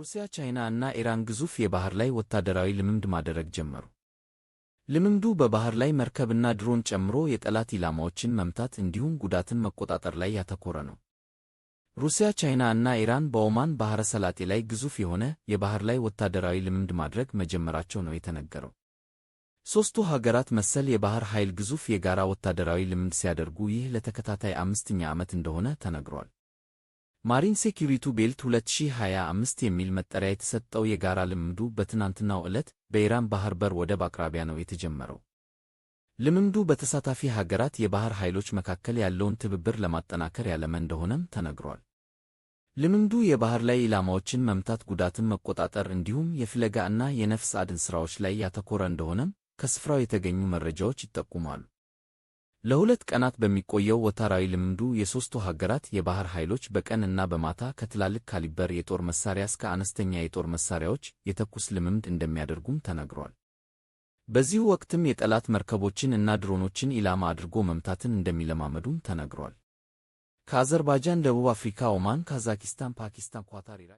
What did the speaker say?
ሩሲያ፣ ቻይና እና ኢራን ግዙፍ የባህር ላይ ወታደራዊ ልምምድ ማደረግ ጀመሩ። ልምምዱ በባህር ላይ መርከብና ድሮን ጨምሮ የጠላት ኢላማዎችን መምታት እንዲሁም ጉዳትን መቆጣጠር ላይ ያተኮረ ነው። ሩሲያ፣ ቻይና እና ኢራን በኦማን ባሕረ ሰላጤ ላይ ግዙፍ የሆነ የባህር ላይ ወታደራዊ ልምምድ ማድረግ መጀመራቸው ነው የተነገረው። ሦስቱ ሀገራት መሰል የባህር ኃይል ግዙፍ የጋራ ወታደራዊ ልምምድ ሲያደርጉ ይህ ለተከታታይ አምስተኛ ዓመት እንደሆነ ተነግሯል። ማሪን ሴኪሪቱ ቤልት 2025 የሚል መጠሪያ የተሰጠው የጋራ ልምምዱ በትናንትናው ዕለት በኢራን ባህር በር ወደብ አቅራቢያ ነው የተጀመረው። ልምምዱ በተሳታፊ ሀገራት የባህር ኃይሎች መካከል ያለውን ትብብር ለማጠናከር ያለመ እንደሆነም ተነግሯል። ልምምዱ የባህር ላይ ኢላማዎችን መምታት፣ ጉዳትን መቆጣጠር እንዲሁም የፍለጋ እና የነፍስ አድን ሥራዎች ላይ ያተኮረ እንደሆነም ከስፍራው የተገኙ መረጃዎች ይጠቁማሉ። ለሁለት ቀናት በሚቆየው ወታራዊ ልምዱ የሦስቱ ሀገራት የባህር ኃይሎች በቀን እና በማታ ከትላልቅ ካሊበር የጦር መሳሪያ እስከ አነስተኛ የጦር መሳሪያዎች የተኩስ ልምምድ እንደሚያደርጉም ተነግሯል። በዚሁ ወቅትም የጠላት መርከቦችን እና ድሮኖችን ኢላማ አድርጎ መምታትን እንደሚለማመዱም ተነግሯል። ከአዘርባይጃን፣ ደቡብ አፍሪካ፣ ኦማን፣ ካዛኪስታን፣ ፓኪስታን፣ ኳታር፣ ኢራቅ